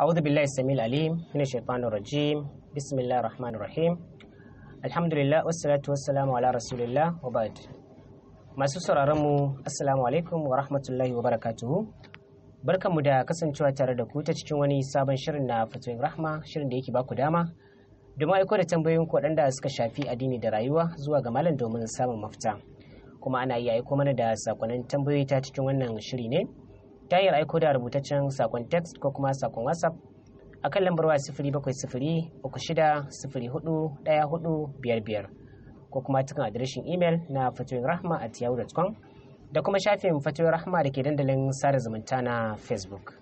أعوذ بالله السميع العليم من الشيطان الرجيم بسم الله الرحمن الرحيم الحمد لله والصلاة والسلام على رسول الله وبعد masu sauraron mu assalamu alaikum wa rahmatullahi wa barakatuhu barkanmu da kasancewa tare da ku ta cikin wani sabon shirin na fatoyin rahma shirin da yake ku dama domin aiko da tambayoyin ku waɗanda suka shafi addini da rayuwa zuwa ga malam domin samun mafita kuma ana iya aiko mana da sakonnin tambayoyi ta cikin wannan shiri ne ta hanyar aiko da rubutaccen sakon text ko kuma sakon whatsapp a kan lambar waya sifiri bakwai sifiri uku shida sifiri hudu ɗaya hudu biyar biyar ko kuma cikin adireshin imel na fatoyin rahma at yahoo.com da kuma shafin fatoyin rahma da ke dandalin sada zumunta na facebook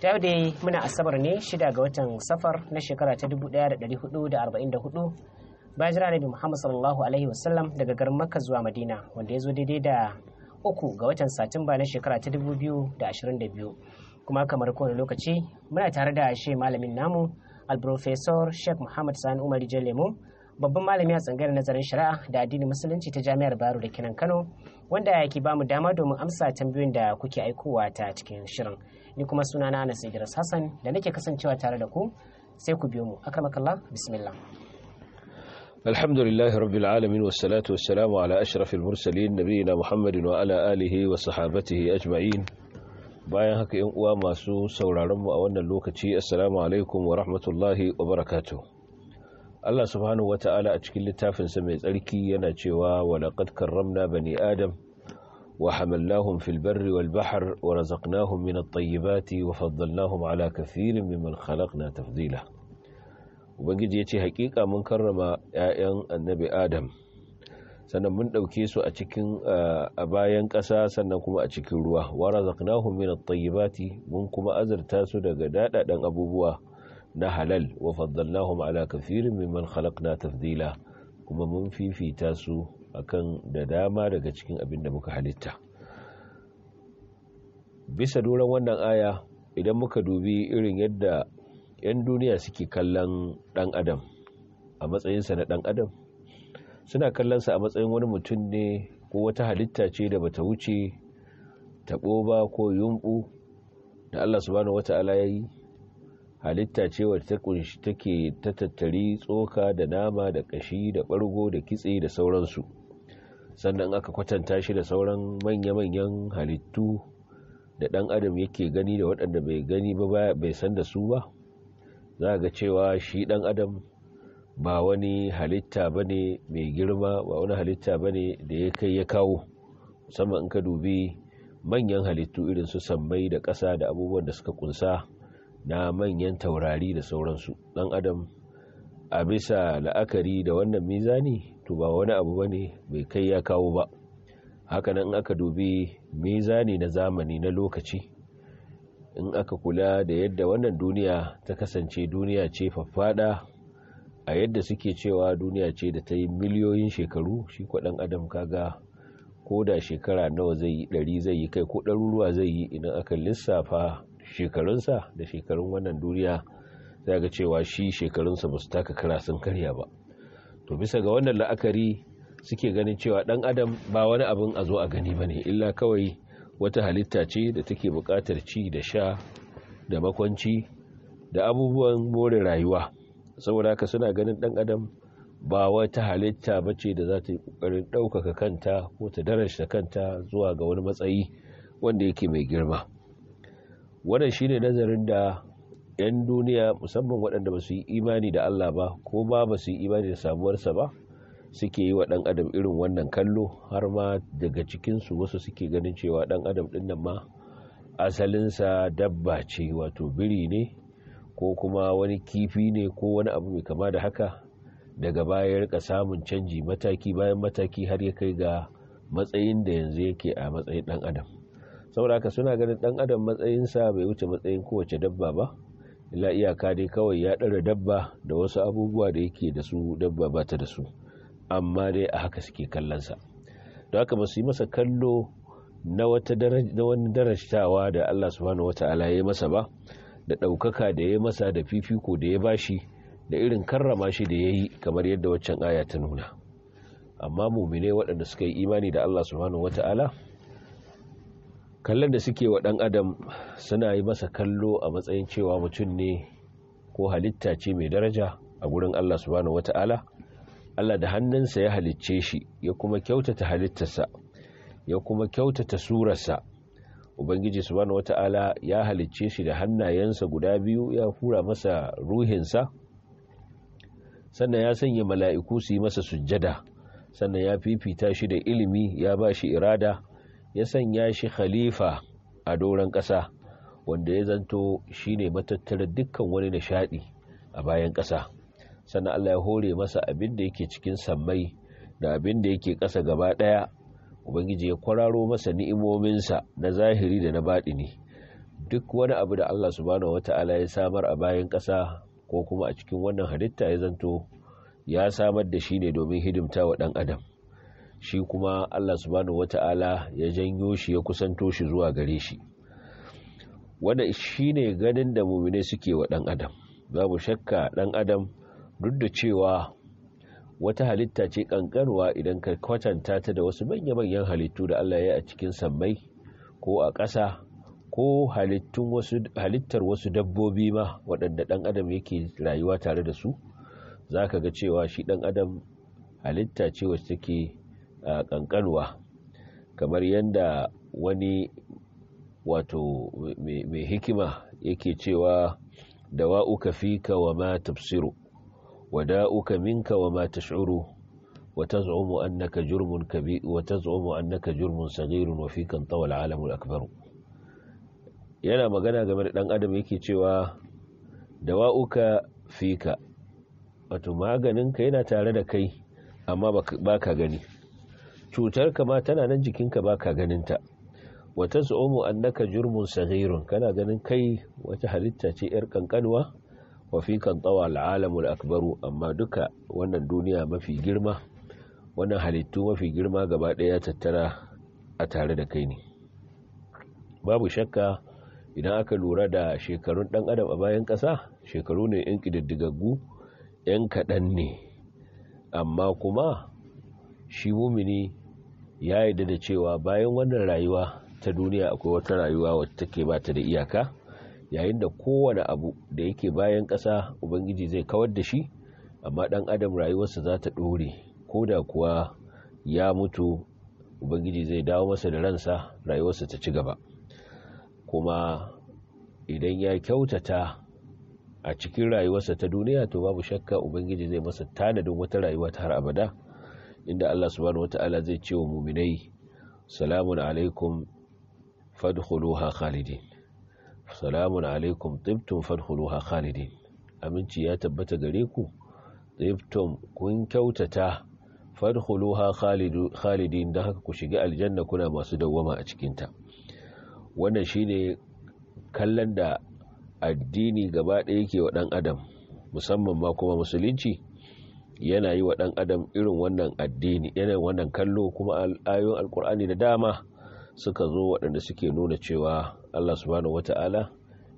ta yau dai muna asabar ne shida ga watan safar na shekara ta dubu 1444 bayan jira nabi muhammad sallallahu alaihi wasallam daga garin makka zuwa madina wanda ya zo daidai da uku ga watan satumba na shekara ta dubu biyu da da ashirin biyu kuma kamar kowane lokaci muna tare da shi malamin namu alprofesor sheikh muhammad sani umar lemo babban malami a tsangayar nazarin shari'a da addinin musulunci ta jami'ar baro da kinan kano wanda ke bamu dama domin amsa tambayoyin da kuke aikowa ta cikin shirin ni kuma sunana na hassan da nake kasancewa tare da ku sai ku biyo mu akramakallah bismillah الحمد لله رب العالمين والصلاة والسلام على أشرف المرسلين نبينا محمد وعلى آله وصحابته أجمعين bayan haka ‘yan uwa masu sauraronmu a wannan lokaci assalamu alaikum wa rahmatullahi wa barakatu Allah subhanahu wata'ala a cikin littafinsa mai tsarki yana cewa walaƙad karramna bani adam wa hamallahum fil barri wal bahr wa razaqnahum min at-tayyibati wa faddalnahum ala kathirin mimman khalaqna tafdila ubangiji ya ce hakika mun karrama 'ya'yan annabi adam sannan mun ɗauke su a cikin a bayan ƙasa sannan kuma a cikin ruwa wara zaknahu min at-tayyibati mun kuma azurta su daga dadadan abubuwa na halal wa faddalnahum ala kathirin mimman khalaqna tafdila kuma mun fifita su akan da dama daga cikin abin da muka halitta bisa doron wannan aya idan muka dubi irin yadda 'yan duniya suke kallon dan adam a matsayinsa na dan adam suna kallonsa a matsayin wani mutum ne ko wata halitta ce da bata wuce taɓo ba ko yumɓu da Allah subhanahu wata'ala ya yi halitta ce wadda ta kunshi take ta tattari tsoka da nama da kashi da ɓargo da kitse da sauransu sannan aka kwatanta shi da sauran manya-manyan halittu da ɗan adam yake gani da waɗanda bai gani ba bai san da su ba za ga cewa shi ɗan adam ba wani halitta ba ne mai girma ba wani halitta ba ne da ya kai ya kawo sama in ka dubi manyan halittu irin su sammai da ƙasa da abubuwan da suka kunsa na manyan taurari da sauransu ɗan adam a bisa la'akari da wannan mizani to ba wani abu ba ne mai kai ya kawo ba hakanan in aka dubi mizani na zamani na lokaci in aka kula da yadda wannan duniya ta kasance duniya ce faffada a yadda suke cewa duniya ce da ta yi miliyoyin shekaru shi kwaɗan adam kaga ko da shekara nawa zai yi ɗari zai yi kai ko ɗaruruwa zai yi idan aka lissafa shekarunsa da shekarun wannan duniya za ga cewa shi shekarunsa ba su taka kara sun karya ba to bisa ga wannan la'akari suke ganin cewa ɗan adam ba wani abin a zo a gani ba ne illa kawai wata halitta ce da take buƙatar ci da sha da makwanci da abubuwan more rayuwa saboda haka suna ganin ɗan adam ba wata halitta ba ce da za ta yi ƙoƙarin ɗaukaka kanta ko ta darasta kanta zuwa ga wani matsayi wanda yake mai girma wannan shine nazarin da 'yan duniya musamman waɗanda ba su yi imani da Allah ba ko ba ba su yi imani da samuwarsa ba suke yi wa ɗan adam irin wannan kallo har ma daga cikinsu wasu suke ganin cewa ɗan adam ɗin nan ma asalinsa dabba ce wato biri ne ko kuma wani kifi ne ko wani abu mai kama da haka daga baya ya rika samun canji mataki bayan mataki har ya kai ga matsayin da yanzu yake a matsayin ɗan adam saboda haka suna ganin ɗan adam matsayinsa bai wuce matsayin kowace dabba ba illa iyaka dai kawai ya ɗara dabba da wasu abubuwa da yake da su dabba ba ta da su amma dai a haka suke kallonsa don haka ba yi masa kallo na wani darashtawa da Allah subhanahu ala ya masa ba da ɗaukaka da ya masa da fifiko da ya bashi da irin karrama shi da ya yi kamar yadda waccan aya ta nuna amma mumine waɗanda suka yi imani da Allah subhanahu ala? kallon da suke wa ɗan adam suna yi masa kallo a matsayin cewa mutum ne ko halitta ce mai daraja a gurin Allah subhanahu ala? Allah da hannunsa ya halicce shi ya kuma kyautata halittarsa ya kuma kyautata surarsa ubangiji subhanahu wata'ala ya halicce shi da hannayensa guda biyu ya hura masa ruhinsa sannan ya sanya mala'iku su yi masa sujjada sannan ya fifita shi da ilimi ya ba shi irada ya sanya shi khalifa a doron ƙasa wanda ya zanto shine matattara dukkan wani nishaɗi a bayan ƙasa sannan Allah ya hore masa abin da yake cikin sammai da abin da yake kasa gaba ɗaya ubangiji ya kwararo masa ni'imominsa na zahiri da na baɗi baɗini duk wani abu da Allah subhanahu wata'ala ya samar a bayan ƙasa ko kuma a cikin wannan halitta ya zanto ya samar da shi ne domin hidimta wa ɗan adam shi kuma Allah subhanahu wata'ala ya janyo shi ya kusanto shi zuwa gare shi wanda shi ne ganin da mumine suke wa ɗan adam babu shakka ɗan adam duk da cewa wata halitta ce kankanwa idan ka kwatanta ta da wasu manya-manyan halittu da Allah ya a cikin sammai ko a ƙasa ko halittar wasu dabbobi ma waɗanda ɗan adam yake rayuwa tare da su za ka ga cewa shi ɗan adam halitta ce wasu take kankanwa kamar yadda wani wato mai hikima yake cewa da wa'uka ka wa ma tafsiru وداؤك منك وما تشعره وتزعم أنك جرم كبير وتزعم أنك جرم صغير وفيك انطوى العالم الأكبر yana magana game da ɗan adam yake cewa dawa'uka fika wato maganinka yana tare da kai amma ba ka gani ka ma tana nan jikinka ba ka ganinta wata zo'omu annaka jurmun saghirun kana ganin kai wata halitta ce 'yar kankanuwa Wafikan kan tsawa al'alamul akbaru amma duka wannan duniya mafi girma wannan halittu mafi girma gaba ɗaya tattara a tare da kai ne babu shakka idan aka lura da shekarun ɗan adam a bayan ƙasa shekaru ne 'yan ƙididdigaggu 'yan kaɗan ne amma kuma shi mumini ya yi da cewa bayan wannan rayuwa ta duniya akwai wata rayuwa wacce take ba ta da iyaka yayin da kowane abu da yake bayan ƙasa ubangiji zai kawar da shi amma ɗan adam rayuwarsa za ta ɗore ko da kuwa ya mutu ubangiji zai dawo masa da ransa rayuwarsa ta ci gaba kuma idan ya kyautata a cikin rayuwarsa ta duniya to babu shakka ubangiji zai masa tanadin wata rayuwa ta har abada inda Allah subhanahu wata'ala zai ce wa muminai salamun alaikum fadkhuluha khalidin salamun alaikum tibtum fadkhuluha khalidin aminci ya tabbata gare ku tibtum kun kyautata fadkhuluha khalidin da haka ku shiga aljanna kuna masu dawwama a cikin ta wannan shine kallon da addini gaba ɗaya yake wa ɗan adam musamman ma kuma musulunci yana yi wa ɗan adam irin wannan addini yana wannan kallo kuma ayoyin alkur'ani da dama suka zo waɗanda suke nuna cewa Allah subhanahu wata'ala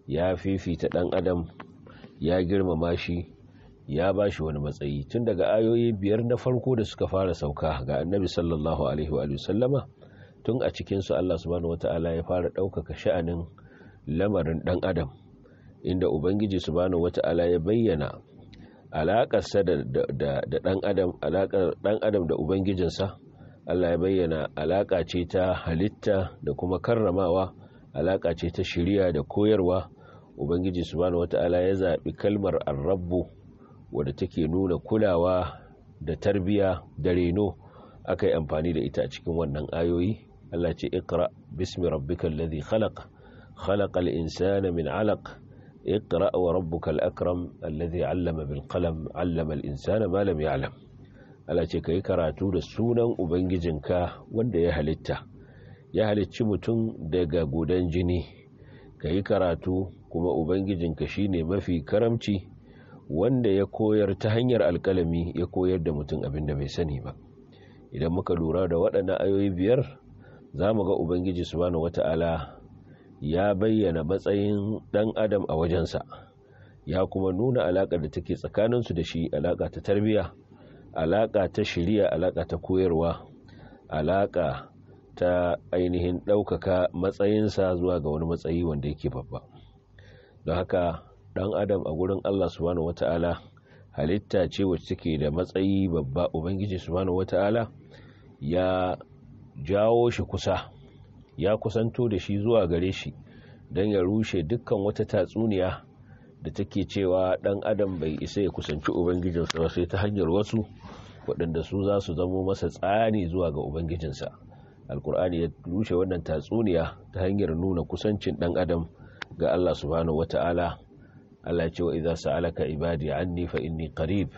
ya fifita ɗan adam ya girmama shi ya ba shi wani matsayi tun daga ayoyi biyar na farko da suka fara sauka ga annabi sallallahu alaihi wa sallama tun a cikinsu Allah subhanahu wata'ala ya fara ɗaukaka sha'anin lamarin ɗan adam inda ubangiji subhanahu wata'ala ya bayyana alaƙarsa da ɗan adam da ubangijinsa Allah ya bayyana alaƙa ce ta halitta da kuma karramawa alaƙa ce ta shirya da koyarwa ubangiji subhanahu wata'ala ya zaɓi kalmar arrabbu wadda take nuna kulawa da tarbiya da reno aka yi amfani da ita a cikin wannan ayoyi Allah ce ikra bismi rabbikal ladhi khalaq khalaqal insana min alaq اقرأ وربك الأكرم الذي علم بالقلم علم الإنسان ما لم يعلم Allah ce ka yi karatu da sunan ubangijinka wanda ya halitta ya halicci mutum daga godan jini ka yi karatu kuma ubangijinka shi ne mafi karamci wanda ya koyar ta hanyar alkalami ya koyar da mutum abin da bai sani ba idan muka lura da waɗannan ayoyi biyar za mu ga ubangiji wata wata'ala ya bayyana matsayin ɗan adam a wajensa ya kuma nuna alaƙar da take tsakaninsu da shi alaƙa ta tarbiyya alaƙa ta shirya alaƙa ta koyarwa alaƙa ta ainihin ɗaukaka matsayinsa zuwa ga wani matsayi wanda yake babba don haka ɗan adam a gurin allah subhanahu wata'ala halitta ce wacce take da matsayi babba ubangiji subhanahu wata'ala ya jawo shi kusa ya kusanto da shi zuwa gare shi don ya rushe dukkan wata tatsuniya da take cewa ɗan adam bai isa ya kusanci ubangijinsa sai ta hanyar wasu waɗanda su za su zamo masa tsani zuwa ga ubangijinsa Alƙur'ani ya rushe wannan tatsuniya ta hanyar nuna kusancin ɗan adam ga allah subhanahu wata'ala allah ce wa idza sa'alaka ibadi anni fa inni qarib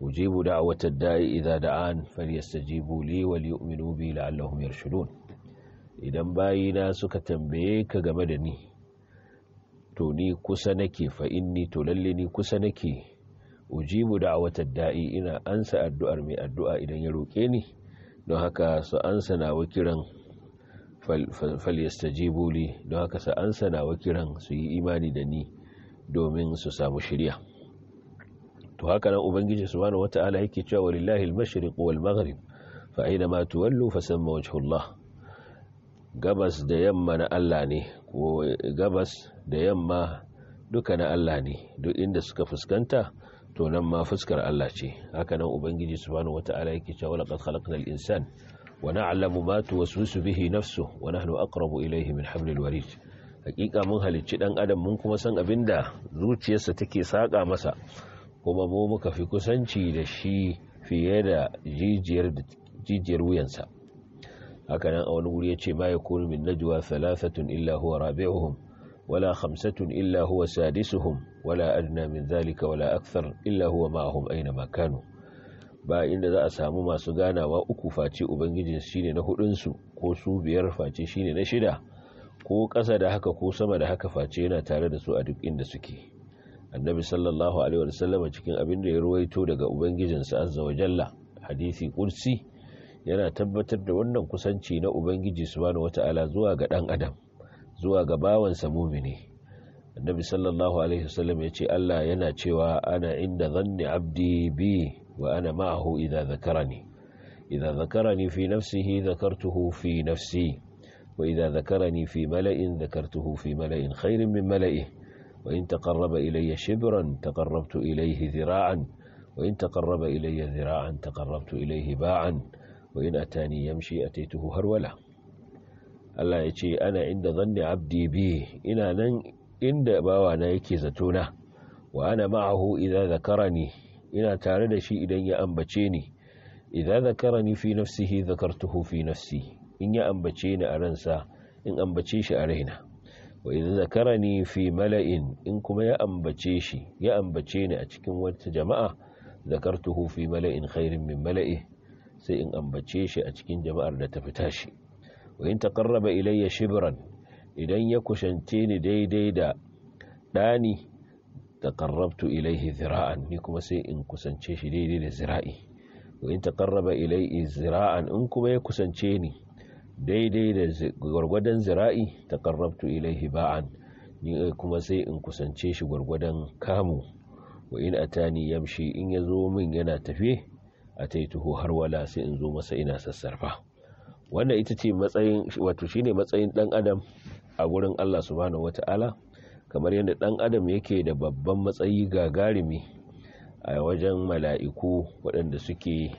ujibu da'wata da'i idza da'an falyastajibu li wa liyu'minu bi la'allahum yarshudun idan bayina suka tambaye ka game da ni to ni kusa nake fa inni to lalle ni kusa nake ujibu da watan da'i ina ansa addu'ar mai addu'a idan ya roƙe ni don haka su ansa na wakiran falyastajibu li don haka su ansa na wakiran su yi imani da ni domin su samu shirya to haka nan ubangiji subhanahu wata'ala yake cewa walillahi al-mashriq wal maghrib fa aina ma tuwallu fa samma wajhullah gabas da yamma na Allah ne ko gabas da yamma duka na Allah ne duk inda suka fuskanta to nan ma fuskar Allah ce haka nan ubangiji subhanahu wata'ala yake cewa laqad khalaqnal insan wa na'lamu ma tuwaswisu bihi nafsu wa nahnu aqrabu ilayhi min hablil warid hakika mun halicci dan adam mun kuma san abinda zuciyarsa take saka masa kuma mu muka fi kusanci da shi fiye da jijiyar jijiyar wuyansa haka nan a wani wuri yace ma yakunu min najwa thalathatun illa huwa rabi'uhum ولا خمسة إلا هو سادسهم ولا أدنى من ذلك ولا أكثر إلا هو معهم أينما كانوا ba inda za a samu masu ganawa uku face ubangijin shine na hudunsu ko su biyar face shine na shida ko ƙasa da haka ko sama da haka face yana tare da su a duk inda suke annabi sallallahu alaihi wasallam cikin abin da ya ruwaito daga ubangijinsa azza wa jalla hadisi kursi yana tabbatar da wannan kusanci na ubangiji subhanahu wata'ala zuwa ga dan adam zuwa ga bawansa mumini annabi sallallahu alaihi wasallam ya ce Allah yana cewa ana inda zanni abdi bi wa ana ma'ahu idza zakarani idza zakarani fi nafsihi zakartuhu fi nafsi wa idza zakarani fi mala'in zakartuhu fi mala'in khairin min mala'ihi wa in taqarraba ilayya shibran taqarrabtu ilayhi dhira'an wa in taqarraba ilayya dhira'an taqarrabtu ilayhi ba'an wa in atani yamshi atituhu harwala Allah ya ce ana inda zanni abdi bi ina nan inda bawa na yake zato na wa ana ma'ahu idza zakarani ina tare da shi idan ya ambace ni idza zakarani fi nafsihi zakartuhu fi nafsi in ya ambace ni a ransa in ambace shi a raina wa idza zakarani fi mala'in in kuma ya ambace shi ya ambace ni a cikin wata jama'a zakartuhu fi mala'in khairin min mala'i sai in ambace shi a cikin jama'ar da ta fita shi wa in ilayya shibran idan ya kushance ni daidai da ɗani taqarrabtu ilaihi zira'an ni kuma sai in kusance shi daidai da zira'i wa in taqarraba zira'an in kuma ya kusance ni daidai da gwargwadon zira'i taqarrabtu ilayhi ba'an ni kuma sai in kusance shi gwargwadon kamu wa in atani yamshi in ya zo min yana tafe a taituhu har wala sai in zo masa ina sassarfa wannan ita ce matsayin wato shine matsayin dan adam a gurin Allah subhanahu wata'ala kamar yadda dan adam yake da babban matsayi gagarumi a wajen mala'iku waɗanda suke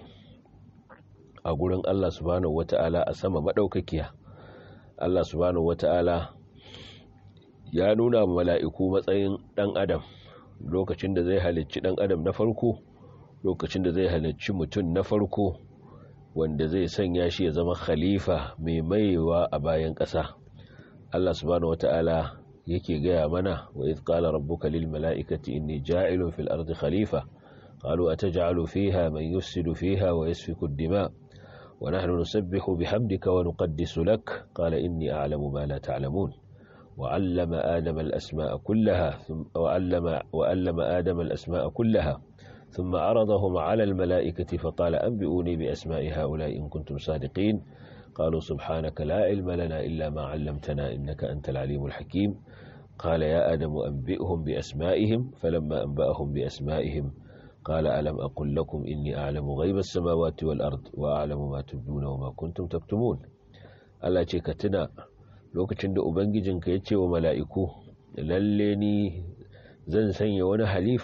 a gurin Allah subhanahu wata'ala a sama madaukakiya Allah subhanahu wata'ala ya nuna mala'iku matsayin dan adam lokacin da zai halicci dan adam na farko lokacin da zai halicci mutum na farko wanda zai sanya shi ya zama khalifa mai maiwa a bayan ƙasa Allah subhanahu wata'ala yake gaya mana wa iz qala rabbuka lil mala'ikati inni ja'ilun fil ardi khalifa qalu ataj'alu fiha man yusidu fiha wa yasfiku ad-dima wa nahnu nusabbihu bihamdika wa nuqaddisu lak qala inni a'lamu ma la ta'lamun wa 'allama adama al-asma'a kullaha wa 'allama wa 'allama adama al-asma'a kullaha ثم عرضهم على الملائكة فقال أنبئوني بأسماء هؤلاء إن كنتم صادقين قالوا سبحانك لا علم لنا إلا ما علمتنا إنك أنت العليم الحكيم قال يا آدم أنبئهم بأسمائهم فلما أنبأهم بأسمائهم قال ألم أقل لكم إني أعلم غيب السماوات والأرض وأعلم ما تبدون وما كنتم تكتمون ألا تكتنا لو da أبنجي ya ce wa mala'iku, lalle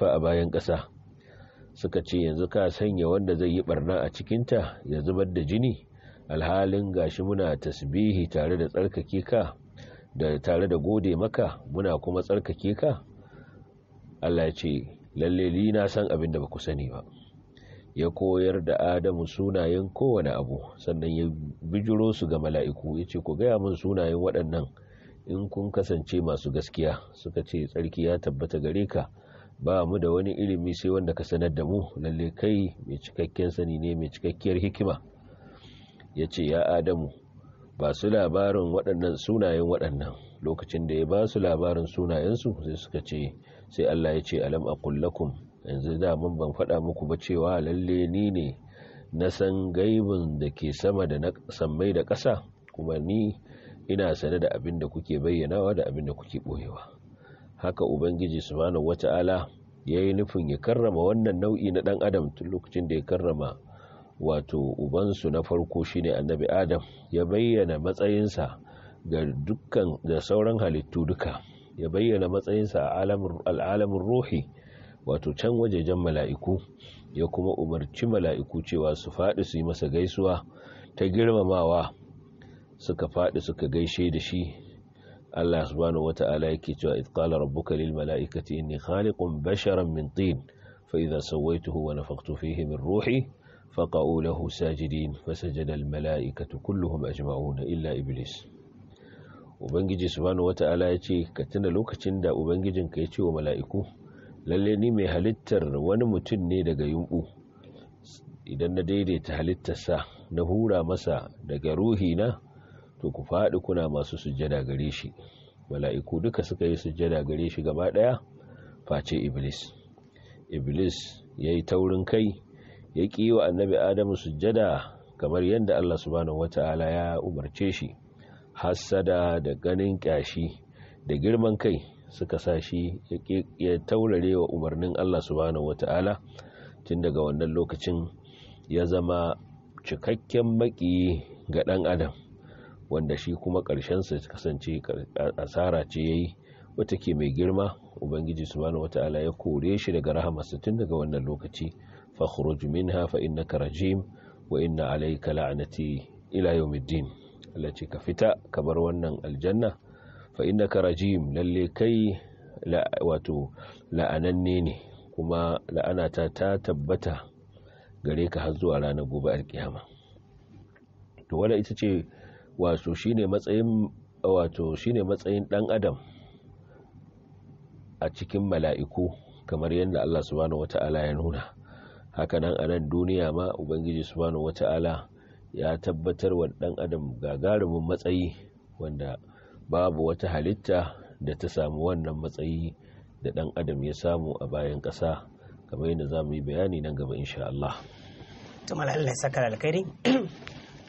أبا zan suka ce yanzu ka sanya wanda zai yi barna a cikinta ya zubar da jini alhalin gashi muna tasbihi tare da tsarkake ka da tare da gode maka muna kuma tsarkake ka Allah ce lalle ni na san abin da baku sani ba ya koyar da Adamu sunayen kowane abu sannan ya bijiro su ga mala'iku ya ce ku gaya mun sunayen waɗannan in kun kasance masu gaskiya suka ce tsarki ya tabbata gare ka ba mu da wani ilimi sai wanda ka sanar da mu lalle kai mai cikakken sani ne mai cikakkiyar hikima ya ce ya adamu ba su labarin waɗannan sunayen waɗannan lokacin da ya ba su labarin sunayensu sai suka ce sai Allah ya ce alam akullakum yanzu da mun ban faɗa muku ba cewa lalle ni ne na san gaibin da ke sama da na sammai da ƙasa kuma ni ina sane da abin da kuke bayyanawa da abin da kuke ɓoyewa haka ubangiji subhanahu wata'ala ya yi nufin ya karrama wannan nau'i na dan adam tun lokacin da ya karrama wato ubansu na farko shine annabi adam ya bayyana matsayinsa ga dukkan da sauran halittu duka ya bayyana matsayinsa a al'alamin ruhi wato can wajejen mala'iku ya kuma umarci mala'iku cewa su faɗi su yi masa gaisuwa ta girmamawa suka faɗi suka gaishe da shi Allah subhanahu wata'ala yake cewa itkala rabbuka lil mala'ikati inni khaliqun basharan min tin fa idha sawaituhu wa nafakhtu fihi min ruhi faqa'u lahu sajidin fasajada al mala'ikatu kulluhum ajma'una illa iblis ubangiji subhanahu wata'ala yace ka tuna lokacin da ubangijin ya ce wa mala'iku lalle ni mai halittar wani mutum ne daga yunɓu idan na daidaita halittarsa na hura masa daga ruhi na to ku faɗi kuna masu sujjada gare shi mala'iku duka suka yi sujjada gare shi gaba ɗaya face iblis iblis ya yi taurin kai ya ƙi wa annabi adamu sujjada kamar yadda allah subhanahu wata'ala ya umarce shi hassada da ganin ƙyashi da girman kai suka sa shi ya taurare wa umarnin allah subhanahu wata'ala tun daga wannan lokacin ya zama cikakken maƙi ga ɗan adam wanda shi kuma ƙarshensa su kasance asara ce ya yi wata ke mai girma ubangiji subhanahu wata'ala ya kore shi daga rahamarsa tun daga wannan lokaci fakhruj minha fa innaka rajim wa inna alayka la'nati ila yawmiddin Allah ce ka fita ka bar wannan aljanna fa innaka rajim lalle kai wato la'ananne ne kuma la'anata ta tabbata gare ka har zuwa ranar gobe alkiyama to wala ita ce wato shine matsayin wato shine matsayin dan adam a cikin mala'iku kamar yadda Allah subhanahu wata'ala ya nuna hakanan a nan duniya ma ubangiji subhanahu wata'ala ya tabbatar wa dan adam gagarumin matsayi wanda babu wata halitta da ta samu wannan matsayi da dan adam ya samu a bayan ƙasa kamar yadda za mu yi bayani nan gaba insha Allah. Tumala Allah ya saka alkhairi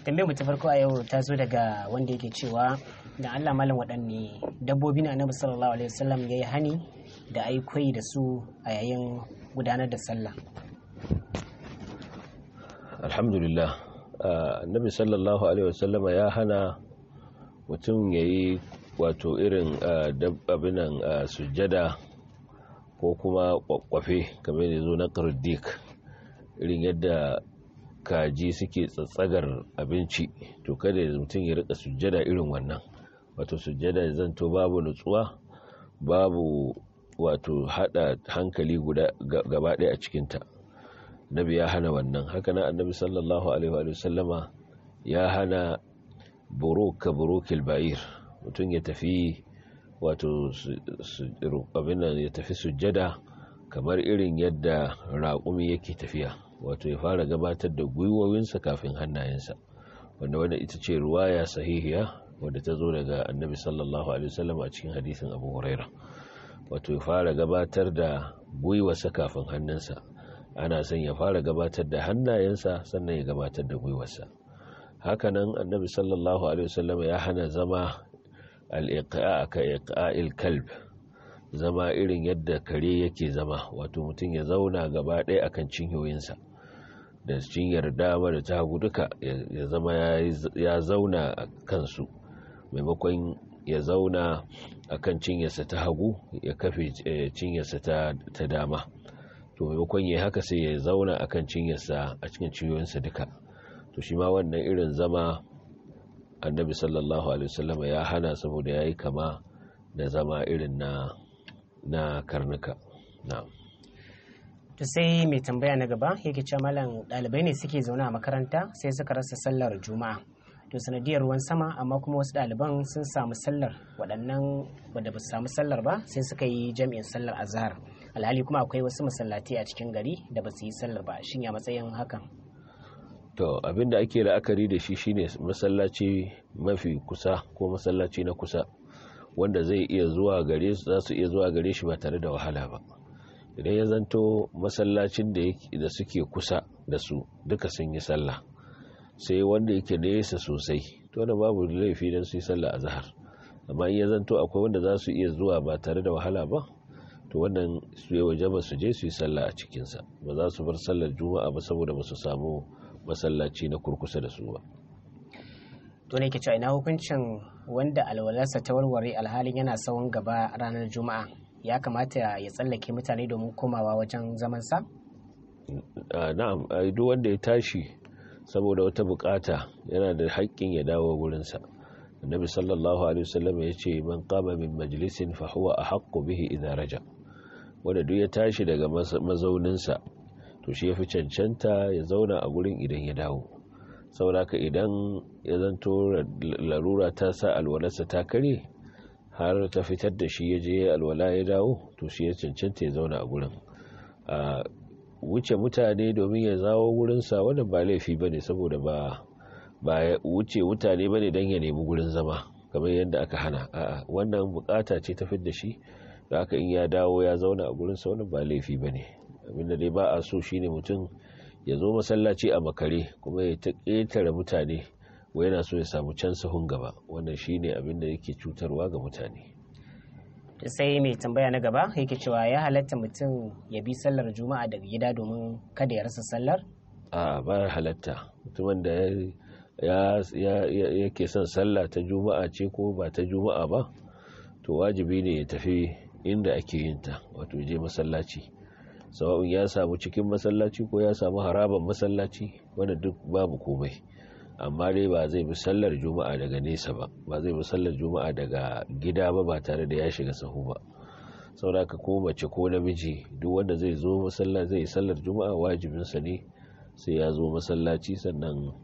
tambayar mu ta farko a yau ta zo daga wanda yake cewa da Allah malam waɗanne dabbobi na annabi sallallahu alaihi wasallam yayi hani da ai da su a yayin gudanar da sallah alhamdulillah annabi sallallahu alaihi wasallam ya hana mutum yayi wato irin dabbabinan sujjada ko kuma kwakwafe kamar yanzu na kardik irin yadda kaji suke tsatsagar abinci to kada ya mutum ya rika sujjada irin wannan wato sujjada zanto babu nutsuwa babu wato hada hankali guda gaba a cikinta nabi ya hana wannan haka na annabi sallallahu alaihi wa ya hana buruka burukil bayir mutum ya tafi wato abin ya tafi sujjada kamar irin yadda raƙumi yake tafiya wato ya fara gabatar da gwiwowinsa kafin hannayensa wanda wanda ita ce ruwa ya sahihiya wadda ta zo daga annabi sallallahu alaihi wasallam a cikin hadisin abu huraira wato ya fara gabatar da gwiwarsa kafin hannunsa ana son ya fara gabatar da hannayensa sannan ya gabatar da gwiwarsa hakanan annabi sallallahu alaihi wasallam ya hana zama al-iqa'a ka iqa'il kalb zama irin yadda kare yake zama wato mutum ya zauna gaba ɗaya akan cinyoyinsa da cinyar dama da ta hagu duka ya zama ya zauna a kansu maimakon ya zauna a kan cinyarsa ta hagu ya kafe eh, cinyarsa ta dama to maimakon ya haka sai ya zauna a kan cinyarsa a cikin ciyoyinsa duka to shi ma wannan irin zama annabi sallallahu alaihi wasallama ya hana saboda ya yi kama da zama irin na karnuka na'am to sai mai tambaya na gaba yake cewa malam dalibai ne suke zaune a makaranta sai suka rasa sallar juma'a to sanadiyar ruwan sama amma kuma wasu ɗaliban sun samu sallar waɗannan wanda ba su samu sallar ba sai suka yi jami'in sallar azhar alhali kuma akwai wasu masallati a cikin gari da ba su yi sallar ba shin ya matsayin hakan to abinda ake la'akari da shi shine masallaci mafi kusa ko masallaci na kusa wanda zai iya zuwa gare su za su iya zuwa gare shi ba tare da wahala ba idan ya zanto masallacin da suke kusa da su duka sun yi sallah sai wanda yake nesa sosai to da babu laifi don su yi sallah a zahar amma in ya zanto akwai wanda za su iya zuwa ba tare da wahala ba to wannan su yi waje ba su je su yi sallah a cikinsa ba za su bar sallar juma'a ba saboda ba su samu masallaci na kurkusa da su ba to ne ke ina hukuncin wanda alwalarsa ta warware alhalin yana tsawon gaba ranar juma'a ya kamata ya tsallake mutane domin komawa wajen zamansa? Ah, na'am duk wanda ya tashi saboda wata bukata yana da haƙƙin ya dawo wurinsa annabi sallallahu alaihi wasallam ya ce man qama min majlisin fa huwa ahaqqu bihi idza raja wanda duk ya tashi daga mazauninsa to shi fi cancanta ya zauna a gurin idan ya dawo saboda idan ya zanto larura ta sa alwalarsa ta kare har ta fitar da shi ya je alwala ya dawo to shi ya cancanta ya zauna a gurin a wuce mutane domin ya zawo gurinsa wannan ba laifi ba ne saboda ba wuce mutane ba ne don ya nemi gurin zama kamar yadda aka hana a'a wannan bukata ce ta da shi da aka in ya dawo ya zauna a gurinsa wannan ba laifi ba ne abinda dai ba a so shine mutum ya zo masallaci a makare kuma ya ta ƙetare mutane wa yana so ya samu can sahun gaba wannan shine abin da yake cutarwa ga mutane sai mai tambaya na gaba yake cewa ya halatta mutum ya bi sallar juma'a daga gida domin kada ya rasa sallar a ba halatta mutumin da yake son sallah ta juma'a ce ko ba ta juma'a ba to wajibi ne ya tafi inda ake yin ta wato je masallaci sawa'un ya samu cikin masallaci ko ya samu harabar masallaci wanda duk babu komai amma dai ba zai bi sallar juma'a daga nesa ba ba zai bi sallar juma'a daga gida ba ba tare da ya shiga sahu ba saboda ko mace ko namiji duk wanda zai zo masallar zai sallar juma'a wajibin sa ne sai ya zo masallaci sannan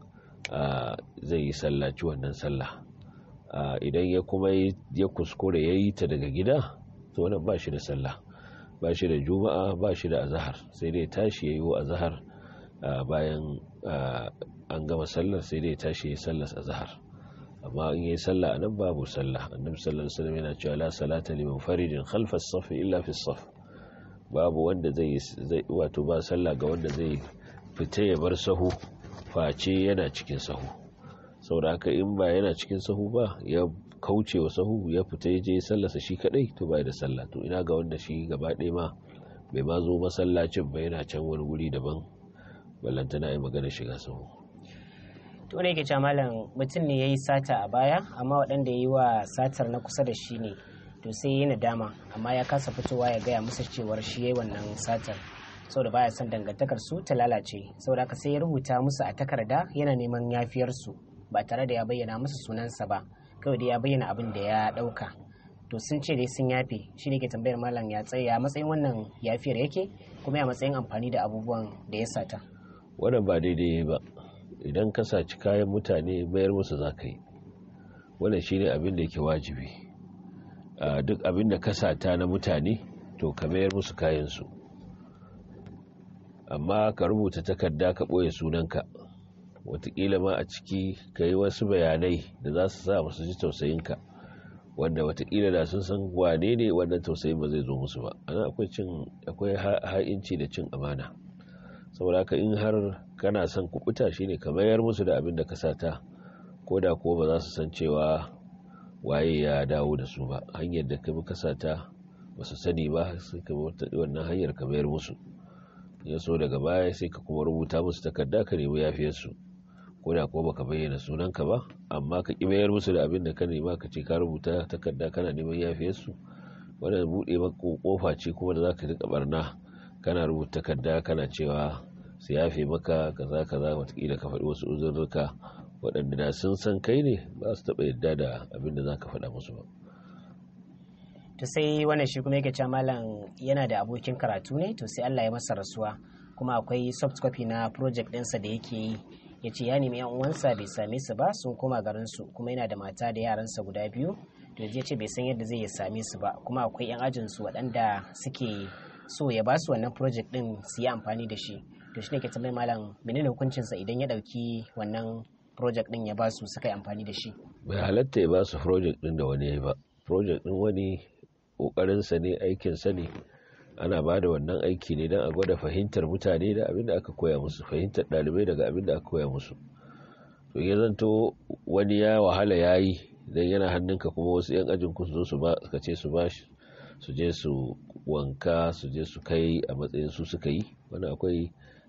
zai yi sallaci wannan sallah idan ya kuma ya kuskure ya yi ta daga gida to wannan ba shi da sallah ba shi da juma'a ba shi da azahar sai dai tashi ya yi wa azahar bayan an gama sallar sai dai tashi ya sallas a zahar amma in yi sallah a nan babu sallah annabi sallallahu alaihi yana cewa la salata liman faridin khalfa as-saff illa fi saf babu wanda zai wato ba sallah ga wanda zai fita ya bar sahu face yana cikin sahu saboda haka in ba yana cikin sahu ba ya kauce wa sahu ya fita ya je sallasa shi kadai to bai da sallah to ina ga wanda shi gaba ɗaya ma bai ma zo masallacin ba yana can wani wuri daban ballantana ai magana shiga sahu to ne yake malam mutum ne ya yi sata a baya amma waɗanda ya yi wa satar na kusa da shi ne to sai ya yi nadama amma ya kasa fitowa ya gaya musu cewar shi yayi wannan satar saboda baya son dangantakar su ta lalace saboda haka sai ya rubuta musu a takarda yana neman yafiyar su ba tare da ya bayyana musu sunansa ba kawai dai ya bayyana abin da ya ɗauka to sun ce dai sun yafe shi ne ke tambayar malam ya tsaya matsayin wannan yafiyar yake kuma ya matsayin amfani da abubuwan da ya sata wannan ba daidai ya ba idan ka saci kayan mutane bayar musu za ka yi wannan shi ne abin da yake wajibi duk abin da ka sata na mutane to ka bayar musu kayansu amma ka rubuta takarda ka ɓoye sunanka watakila ma a ciki ka yi wasu bayanai da za su sa masu ji tausayinka wanda watakila da sun san wane ne wannan tausayin ba zai zo musu ba akwai ha'inci da cin amana saboda haka in har kana son kukuta shine ka mayar musu da abin da ka sata ko da ko ba za su san cewa waye ya dawo da su ba hanyar da ka bi ka sata ba su sani ba sai ka wannan hanyar ka mayar musu ya so daga baya sai ka kuma rubuta musu takarda ka nemi su ko da ko ka bayyana sunanka ba amma ka ki mayar musu da abin da ka nema ka ce ka rubuta takarda kana neman su wannan buɗe maka kofa ce kuma da zaka rika barna kana rubuta takarda kana cewa su yafe maka kaza kaza watakila ka faɗi wasu uzurruka waɗanda da sun san kai ne ba su taɓa yadda da abin da za ka faɗa musu ba to sai wannan shi kuma yake cewa malam yana da abokin karatu ne to sai Allah ya masa rasuwa kuma akwai soft copy na project ɗinsa da yake yi ya ce ya nemi 'yan uwansa bai same su ba sun koma garin su kuma yana da mata da yaransa guda biyu to ya ce bai san yadda zai ya same su ba kuma akwai 'yan ajin ajinsu waɗanda suke so ya ba su wannan project din su yi amfani da shi to shi ne ke tambayi malam menene hukuncinsa idan ya dauki wannan project din ya ba su suka yi amfani da shi bai halatta ya ba su project din da wani ya ba project din wani ƙoƙarinsa ne aikinsa ne ana ba da wannan aiki ne don a gwada fahimtar mutane da abin da aka koya musu fahimtar ɗalibai daga abin da aka koya musu to ya zanto wani ya wahala ya yi don yana hannunka kuma wasu 'yan ajin ku zo su ba ce su ba su je su wanka su je su kai a matsayin su suka yi wani akwai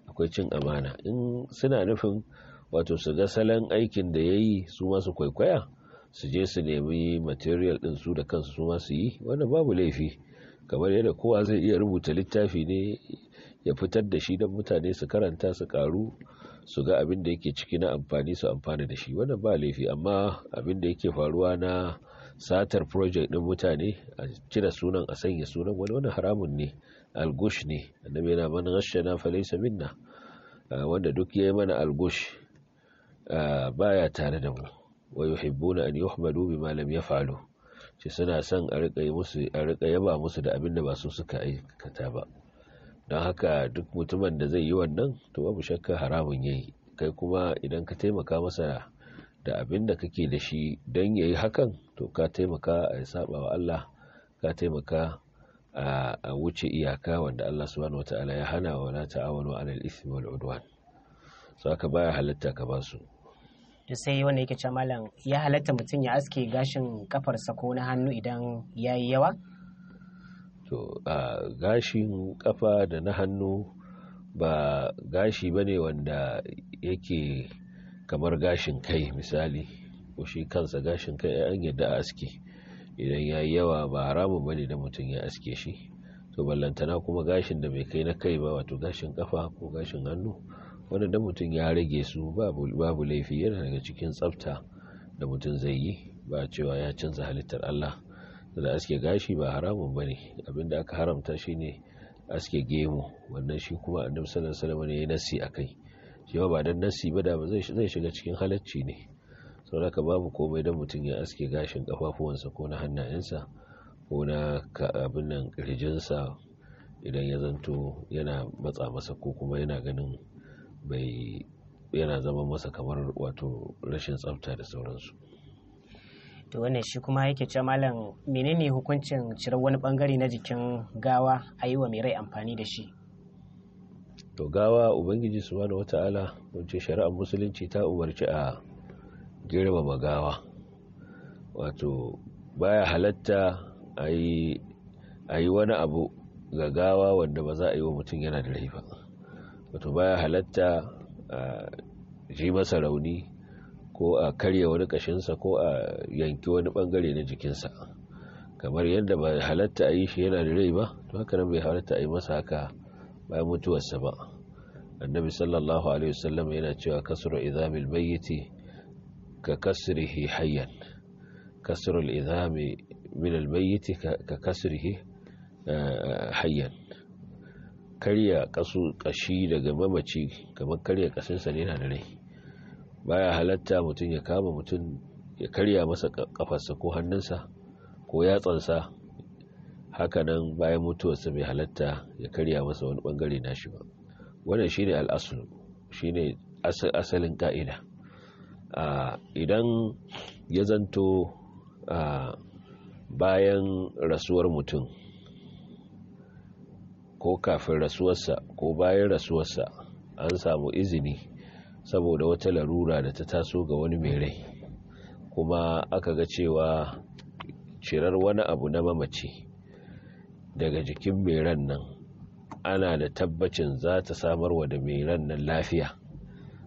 akwai cin amana in suna nufin wato su ga salon aikin da ya yi su masu kwaikwaya su je su nemi material din su da kansu su masu yi wani babu laifi kamar yadda kowa zai iya rubuta littafi ne ya fitar da shi don mutane su karanta su karu su ga abin da yake ciki na amfani su amfani da shi wannan ba laifi amma abin da yake faruwa na satar project din mutane a cire sunan a sanya sunan wani wani haramun ne algush ne annabi yana man na falaysa minna wanda duk yayi mana algush baya tare da mu wa yuhibbuna an yuhmadu bima lam yaf'alu shi suna son a rika musu a rika yaba musu da abin da ba su suka aikata ba don haka duk mutumin da zai yi wannan to babu shakka haramun yayi kai kuma idan ka taimaka masa da abin da kake da shi don ya yi hakan to ka taimaka a saba wa Allah ka taimaka a wuce iyaka wanda Allah subhanahu wata'ala ya hana wa la ta'awanu alal ismi wal udwan so aka baya halatta ka ba su sai wanda yake ce malam ya halatta mutum ya aske gashin kafarsa ko na hannu idan ya yi yawa to a gashin kafa da na hannu ba gashi bane wanda yake kamar gashin kai misali ko shi kansa gashin kai an yadda a aske idan ya yi yawa ba haramun bane da mutum ya aske shi to ballantana kuma gashin da bai kai na kai ba wato gashin kafa ko gashin hannu wanda da mutum ya rage su babu laifi yana daga cikin tsafta da mutum zai yi ba cewa ya canza halittar Allah da aske gashi ba haramun bane abinda aka haramta shine aske gemu wannan shi kuma annabi sallallahu alaihi wasallam ne ya nasi akai cewa ba don nasi ba da zai shiga cikin halacci ne ka babu komai don mutum ya aske gashin kafafuwansa ko na hannayensa ko na abin nan kirjinsa idan ya zanto yana matsa masa ko kuma yana ganin bai yana zama masa kamar wato rashin tsafta da sauransu to wannan shi kuma yake ce malam menene hukuncin cirar wani bangare na jikin gawa a yi wa mai rai amfani da shi to gawa ubangiji subhanahu wata'ala wace shari'ar musulunci ta umarci a girmama gawa wato baya halatta a yi wani abu ga gawa wanda ba za a yi wa mutum yana da rai ba wato baya halatta a ji masa rauni ko a karya wani kashinsa ko a yanki wani bangare na jikinsa kamar yadda ba halatta a yi shi yana da rai ba to haka nan bai halatta a yi masa haka bayan mutuwarsa ba annabi sallallahu alaihi wasallam yana cewa kasru idhamil bayyiti ka kasrihi hayyan kasru idhami min al bayti ka kasrihi eh, hayyan karya kasu kashi daga mamaci kamar karya kasinsa ne na da rai baya halatta mutum ya kama mutum ya karya masa kafarsa ko hannunsa ko yatsansa hakanan bayan mutuwarsa bai halatta ya karya masa wani bangare na shi ba wannan shine al'asul shine asalin ka'ida idan ya zanto bayan rasuwar mutum ko kafin rasuwarsa ko bayan rasuwarsa an samu izini saboda wata larura da ta taso ga wani mai rai kuma aka ga cewa cirar wani abu na mamaci daga jikin mai ran nan ana da tabbacin za ta samar wa da mai ran nan lafiya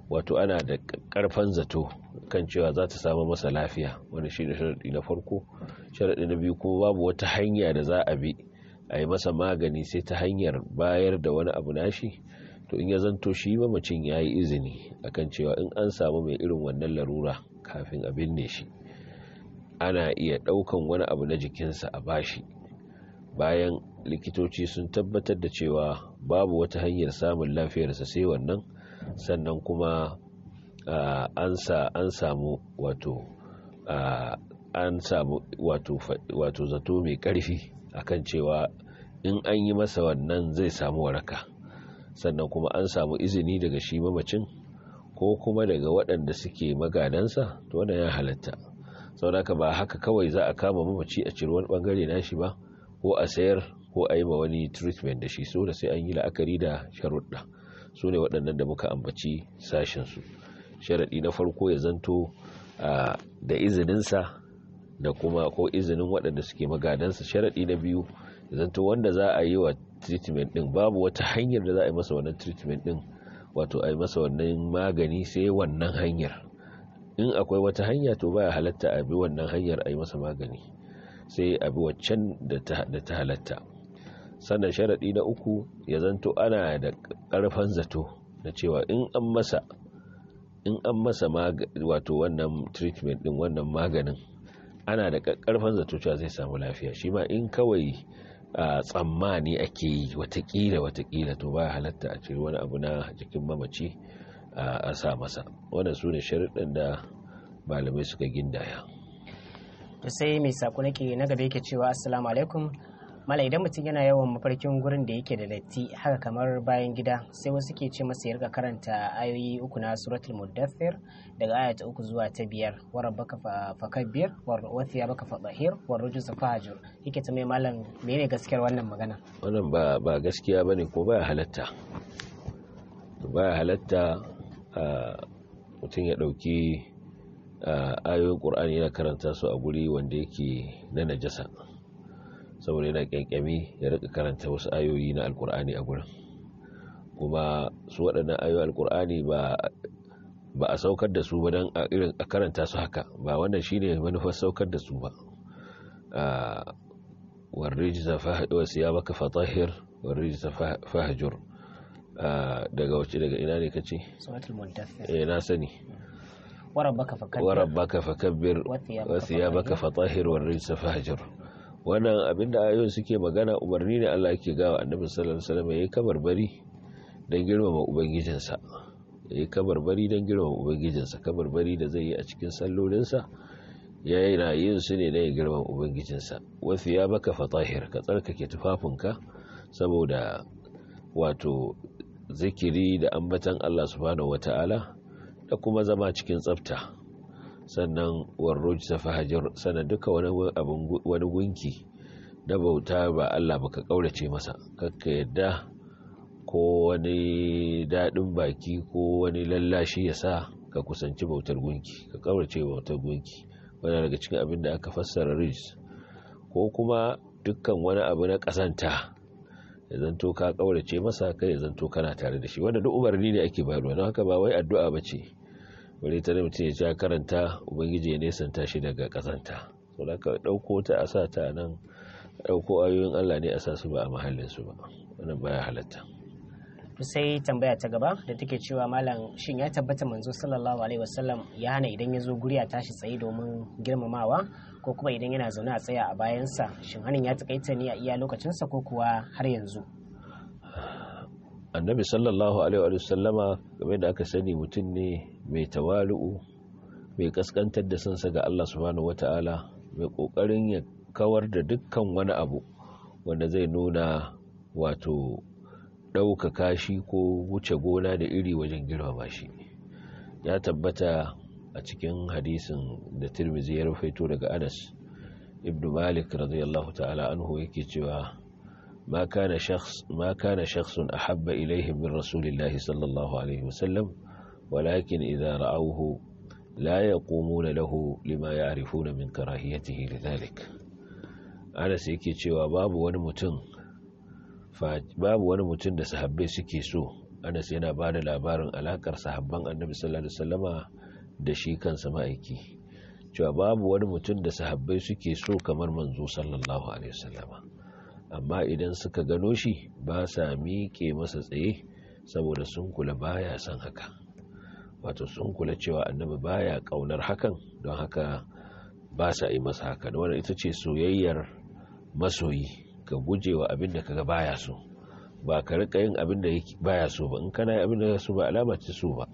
wato ana da karfan zato kan cewa za ta samu masa lafiya wani shi da sharaɗi na farko sharaɗi na biyu kuma babu wata hanya da za a bi a yi masa magani sai ta hanyar bayar da wani abu nashi to in ya zanto shi macin ya yi izini akan cewa in an samu mai irin wannan larura kafin a binne shi ana iya ɗaukan wani abu na jikinsa a bashi bayan likitoci sun tabbatar da cewa babu wata hanyar samun lafiyarsa sai wannan sannan kuma an samu wato an samu wato zato mai karfi akan cewa in an yi masa wannan zai samu waraka sannan kuma an samu izini daga shi mamacin ko kuma daga waɗanda suke magadansa to wannan ya halatta sau ka ba haka kawai za a kama mamaci a ciri ɓangare na shi ba ko a sayar ko a yi ma wani treatment da shi so da sai an yi la'akari da sharuɗa su ne waɗannan da muka ambaci sashensu sharaɗi na farko ya zanto da izininsa da kuma ko izinin waɗanda suke magadansa sharaɗi na biyu ya zanto wanda za a yi wa treatment ɗin babu wata hanyar da za a yi masa wannan treatment ɗin wato a yi masa wannan magani sai wannan hanyar in akwai wata hanya to baya halatta a bi wannan hanyar a yi masa magani sai a bi waccan da ta halatta sannan sharaɗi na uku ya zanto ana da ƙarfan zato na cewa in an masa in an masa wato wannan treatment din wannan maganin ana da ƙarfan zato cewa zai samu lafiya shi ma in kawai a tsammani ake yi watakila watakila to ba halatta a ce wani abu na jikin mamaci a sa masa wannan su ne sharaɗin da malamai suka gindaya. to sai mai sako nake na gaba yake cewa assalamu alaikum mala idan mutum yana yawan mafarkin gurin da yake da latti haka kamar bayan gida sai wasu ke ce masa ya karanta ayoyi uku na suratul muddathir daga aya ta uku zuwa ta biyar wa rabbaka fakabbir wa thiyabaka fadahir wa rujuz fahjur yake ta mai malam menene gaskiyar wannan magana wannan ba ba gaskiya bane ko ba halatta ba halatta ah, mutum ya dauki ayoyin ƙur'ani yana karanta su a guri wanda yake na najasa saboda yana ƙyanƙyami ya rika karanta wasu ayoyi na alƙur'ani a gurin kuma su waɗannan ayoyin alƙur'ani ba a saukar da su ba don a karanta su haka ba wannan shine manufar saukar da su ba warrijisa wasu ya baka fatahir warrijisa fahajur daga wacce daga ina ne kace ce eh na sani hmm. warabbaka fakabbir wasiyabaka fatahir warrijsa fahjur wannan abinda ayoyin suke magana umarni ne Allah yake gawa annabi sallallahu alaihi wasallam yayi kabarbari dan girmama ubangijinsa yayi kabarbari dan girmama ubangijinsa kabarbari da zai yi a cikin sallolinsa yana yin su ne dan girmama ubangijinsa wasiyabaka fatahir ka tsarkake tufafinka saboda wato zikiri da ambatan Allah subhanahu wataala da kuma zama cikin tsafta sannan warruj ta fahajar sannan duka wani gunki na bauta ba Allah ba ka kaurace masa kakka yadda ko wani daɗin baki ko wani lallashi ya sa ka kusanci bautar gunki ka ƙaurace bautar gunki wani daga cikin abin da aka fassara rijis ko kuma dukkan wani abu na kasanta ya zanto ka ƙaurace masa kai ya zanto kana tare da shi wanda duk umarni ne ake bayarwa don haka ba wai addu'a ba ce bare ta mutum ya ja karanta ubangiji ya nesanta shi daga kazanta so da ka ɗauko ta a sa ta nan dauko ayoyin Allah ne a sa su ba a mahallinsu ba wannan baya halatta sai tambaya ta gaba da take cewa malam shin ya tabbata manzo sallallahu alaihi wasallam ya hana idan ya zo guri a tashi tsaye domin girmamawa ko kuma idan yana zaune a tsaya a bayansa shin hanin ya takaita ne a iya lokacinsa ko kuwa har yanzu annabi sallallahu alaihi wa sallama game da aka sani mutum ne mai tawali'u mai kaskantar da sansa ga Allah subhanahu wata'ala mai kokarin ya kawar da dukkan wani abu wanda zai nuna wato ɗaukaka kashi ko wuce gona da iri wajen girmama shi ya tabbata a cikin hadisin da tirmizi ya rufaito daga anas ibn malik radiyallahu ta'ala anhu yake cewa ما كان شخص ما كان شخص أحب إليه من رسول الله صلى الله عليه وسلم ولكن إذا رأوه لا يقومون له لما يعرفون من كراهيته لذلك أنا سيكي cewa babu wani mutum babu wani mutum da sahabbai suke so Anas yana ba da labarin alaƙar sahabban Annabi sallallahu alaihi wasallama da shi kansa ma'aiki cewa babu wani mutum da sahabbai suke so kamar manzo sallallahu alaihi wasallama amma idan suka gano shi ba sa miƙe masa tsaye saboda sun kula baya son haka wato sun kula cewa annabi baya ƙaunar hakan don haka ba sa yi masa haka da ita ce soyayyar masoyi ka gujewa abin da kaga baya so ba ka rika yin abin da baya so ba in kana yi abin da ba alama ce so ba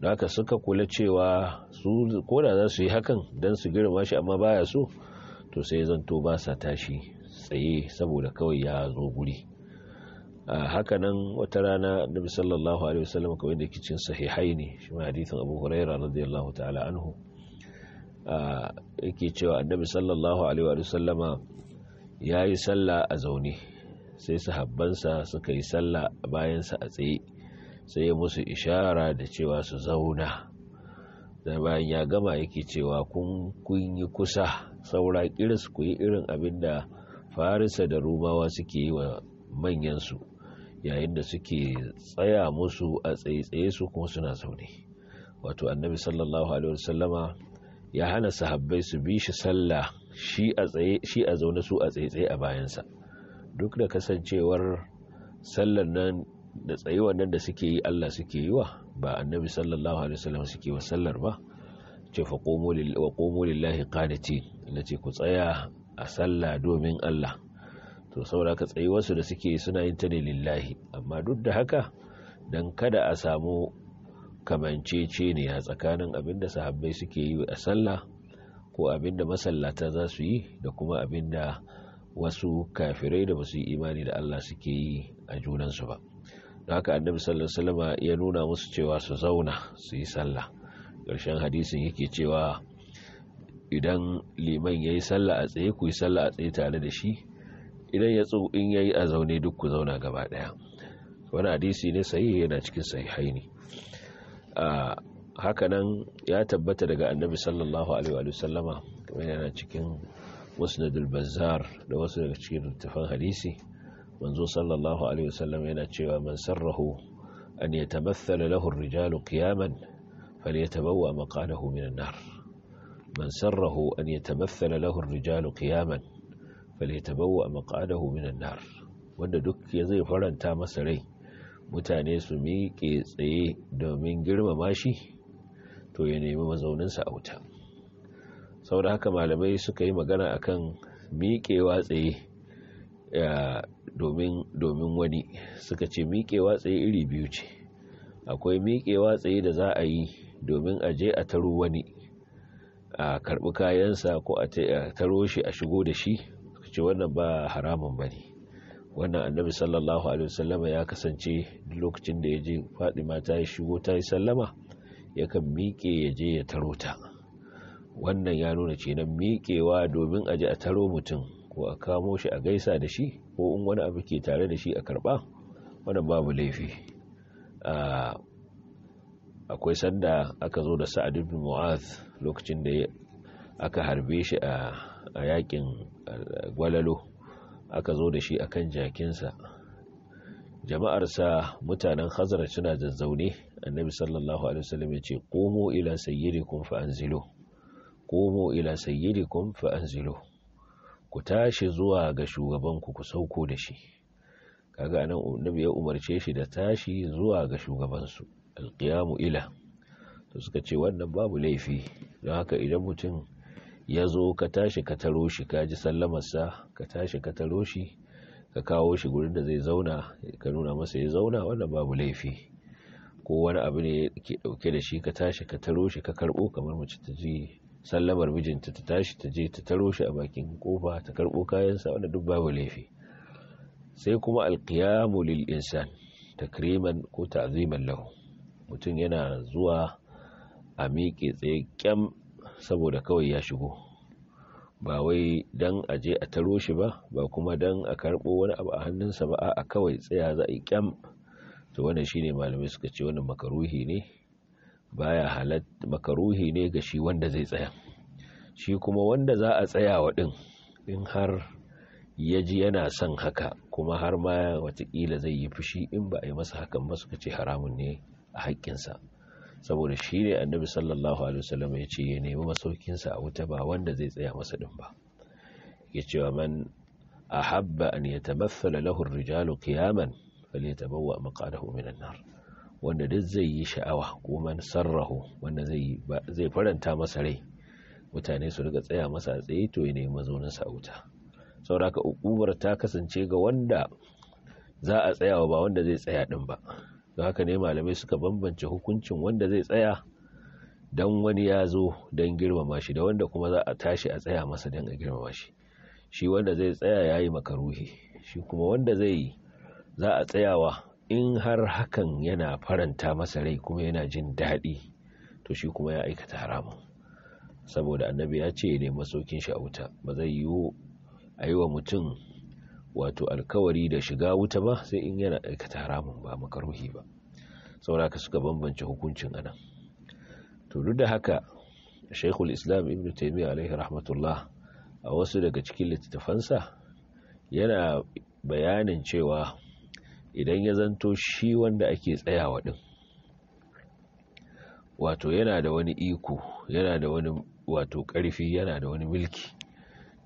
da haka suka kula cewa su da za su yi hakan don su girma shi amma baya so to sai zanto ba sa tashi tsaye saboda kawai ya zo guri a hakanan wata rana da sallallahu alaihi wasallam kawai da kicin sahihai ne shi ma hadithin abu huraira radiyallahu ta'ala anhu yake cewa annabi sallallahu alaihi sallama ya yi sallah a zaune sai sahabbansa suka yi sallah bayansa a tsaye sai ya musu ishara da cewa su zauna da bayan ya gama yake cewa kun yi kusa saura kiris ku yi irin abin da farisa da rumawa suke yi wa manyansu yayin da suke tsaya musu a tsaye su kuma suna zaune wato annabi sallallahu alaihi wasallama ya hana sahabbai su bi shi sallah shi a zaune su a tsaye-tsaye a bayansa duk da kasancewar sallar nan da tsayuwar nan da suke yi Allah suke yi wa ba annabi sallallahu alaihi wasallam suke wa sallar ba ce fa qumu lillahi qanitin nace ku tsaya a sallah domin Allah to saboda ka tsayi wasu da suke suna yin ta ne lillahi amma duk da haka dan kada a samu kamancece ne a tsakanin abinda sahabbai suke yi a sallah ko abinda masallata za su yi da kuma abinda wasu kafirai da basu yi imani da Allah suke yi a junansu ba da haka annabi sallallahu alaihi ya nuna musu cewa su zauna su yi sallah ƙarshen hadisin yake cewa idan liman ya yi sallah a tsaye ku yi sallah a tsaye tare da shi idan ya tso in ya yi a zaune duk ku zauna gaba ɗaya wani hadisi ne sahihi yana cikin sahihai ne hakanan ya tabbata daga annabi sallallahu alaihi wa sallama kamar yana cikin musnadul bazzar da wasu daga cikin littafan hadisi manzo sallallahu alaihi wa sallam yana cewa man sarrahu an yatamathala lahu ar-rijalu qiyaman falyatabawwa maqalahu minan nar من سره أن يتمثل له الرجال قياما فليتبوأ مقعده من النار wanda duk ya zai faranta masa rai mutane su miƙe tsaye domin girmama shi to ya nemi mazauninsa a wuta sau da haka malamai suka yi magana akan miƙewa tsaye domin wani suka ce miƙewa tsaye iri biyu ce akwai miƙewa tsaye da za a yi domin a je a taru wani a karbi kayansa ko a taro shi a shigo da shi ce wannan ba haramun bane wannan annabi sallallahu alaihi wasallama ya kasance lokacin da ya je fadima ta yi shigo ta yi sallama yakan miƙe ya je ya taro ta wannan ya nuna ce nan miƙewa domin a je a taro mutum ko a kamo shi a gaisa da shi ko in wani abu ke tare da shi a karba wannan babu laifi akwai sanda aka zo da sa'ad ibn mu'az lokacin da aka harbe shi a yakin gwalalo aka zo da shi a kan jakinsa jama'arsa mutanen hazara suna zazzaune annabi sallallahu alaihi wasallam ya ce komo ila sayyidikum fa anzilu komo ila sayyidikum fa anzilu ku tashi zuwa ga shugabanku ku sauko da shi kaga anan annabi ya umarce shi da tashi zuwa ga shugabansu alqiyamu ila suka ce wannan babu laifi don haka idan mutum ya zo ka tashi ka taro shi ka ji sallamarsa ka tashi ka taro shi ka kawo shi gurin da zai zauna ka nuna masa ya zauna wannan babu laifi ko wani abu ne ke dauke da shi ka tashi ka taro shi ka karbo kamar mace ta ji sallamar mijinta ta tashi ta je ta taro shi a bakin kofa ta karbo kayansa wannan duk babu laifi sai kuma alqiyamu lil insan takriman ko ta'ziman lahu mutum yana zuwa a miƙe tsaye kyam saboda kawai ya shigo ba wai don a je a taro shi ba ba kuma don a karɓo wani abu a hannunsa ba a kawai tsaya za a yi kyam to wannan shine malamai suka ce wani makaruhi ne baya halat makaruhi ne ga shi wanda zai tsaya shi kuma wanda za a tsaya wa din in har ya ji yana son haka kuma har ma watakila zai yi fushi in ba a yi masa hakan ba suka ce haramun ne a haƙƙinsa saboda shi ne annabi sallallahu alaihi wasallam ya ce ya nemi masaukinsa a wuta ba wanda zai tsaya masa din ba ya ce wa man ahabba an yatamathala lahu ar-rijalu qiyaman falyatabawwa maqadahu minan nar wanda duk zai yi sha'awa ko man sarrahu wanda zai faranta masa rai mutane su riga tsaya masa a tsaye to ya nemi sa a wuta saboda ka ukubar ta kasance ga wanda za a tsayawa ba wanda zai tsaya din ba don haka ne malamai suka bambance hukuncin wanda zai tsaya don wani ya zo don girmama shi da wanda kuma za a tashi a tsaya masa don a girmama shi shi wanda zai tsaya ya yi makaruhi shi kuma wanda zai yi za a tsayawa in har hakan yana faranta masa rai kuma yana jin daɗi to shi kuma ya aikata haramun saboda annabi ya ce ne masaukin shi a wuta ba zai yiwu a yi wa mutum wato alkawari da shiga wuta ba sai in yana aikata haramun ba makaruhi ba sauraka suka bambance hukuncin anan to duk da haka shaikhul islam ibn taimiyya alaihi rahmatullah a wasu daga cikin littattafansa yana bayanin cewa idan ya zanto shi wanda ake tsayawa din wato yana da wani iko yana da wani wato karfi yana da wani milki